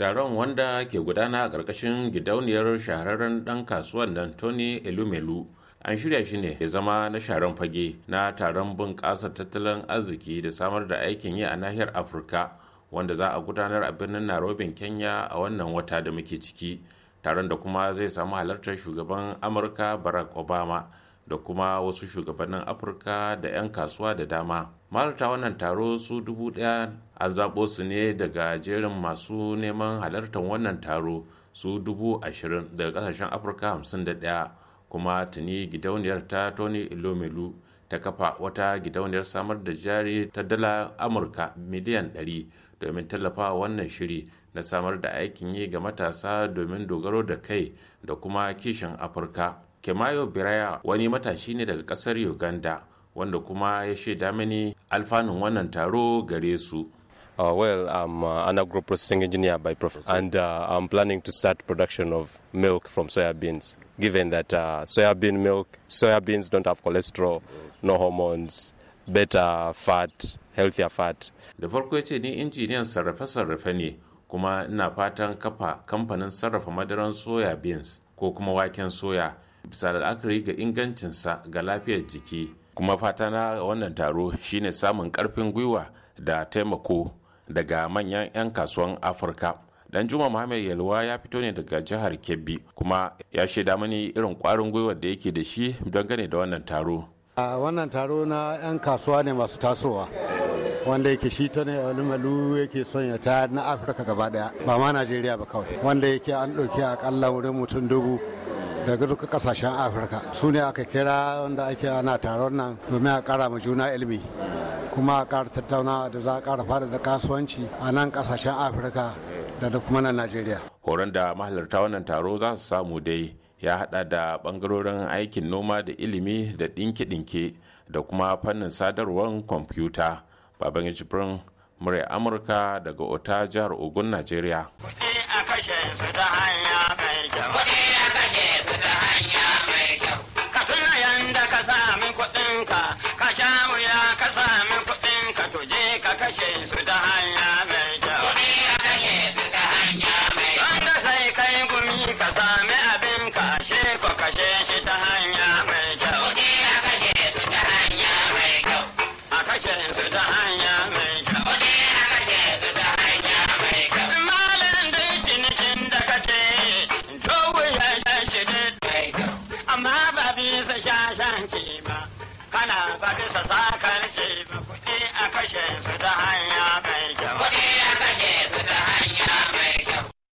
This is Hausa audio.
taron wanda ke gudana a ƙarƙashin gidauniyar shahararren ɗan kasuwan nan tony elumelu an shirya shi ne ya zama na sharan fage na taron bunƙasa tattalin arziki da samar da aikin yi a nahiyar afirka wanda za a gudanar a birnin narobin kenya a wannan wata da muke ciki taron da kuma zai samu halartar shugaban amurka barack obama da kuma wasu shugabannin afirka da 'yan kasuwa da dama malarta wannan taro su dubu daya an zaɓo su ne daga jerin masu neman halartar wannan taro su dubu ashirin daga ƙasashen afirka hamsin da ɗaya kuma tuni gidauniyar ta tony ilomelu ta kafa wata gidauniyar samar da jari ta dala amurka miliyan 100 domin tallafa wannan shiri na samar da aikin yi ga matasa domin dogaro da kai da kuma kishin afirka kemayo biraya wani matashi ne daga kasar uganda wanda kuma ya shaida mini alfanun wannan taro gare su Uh, well, I'm uh, an agro processing engineer by profession, and uh, I'm planning to start production of milk from soybeans. Given that uh, soybean milk, soybeans don't have cholesterol, no hormones, better fat, healthier fat. Da farko ya ce ni injiniyan sarrafe-sarrafe ne kuma ina fatan kafa kamfanin sarrafa madaran soya beans ko kuma waken soya bisa la'akari ga ingancinsa ga lafiyar jiki kuma fata na wannan taro shine samun karfin gwiwa da taimako daga manyan 'yan kasuwan afirka dan juma muhammad yalwa ya fito ne daga jihar kebbi kuma ya shaida mani irin kwarin gwiwar da yake da shi don gane da wannan taro wannan taro na 'yan kasuwa ne masu tasowa wanda yake shi ta ne malu yake son ya ta na afirka gaba daya ba ma najeriya ba kawai wanda yake an ɗauki akalla wurin mutum dubu daga duka kasashen afirka su ne aka kira wanda ake ana taron nan domin a kara ma juna ilimi kuma a kara tattaunawa da za a kara fada da kasuwanci a nan kasashen afirka da kuma na najeriya horon da mahalarta wannan taro za su samu dai ya hada da bangarorin aikin noma da ilimi da dinki ɗinke da kuma fannin sadarwar kwamfuta baban jibrin murya amurka daga ota jihar ogun najeriya ka ka sha wuya ka sami ka to je ka kashe su ta hanya mai kyau. ka kashe su ta Wanda sai kai gumi ka sami abin ka ashe ko kashe shi ta hanya mai kyau. A kashe su ta hanya mai kyau. cinikin da mai Amma ba bisa shashanci ba. kana faɗi sa za ka ce ba kuɗi a kashe su ta hanya mai kyau.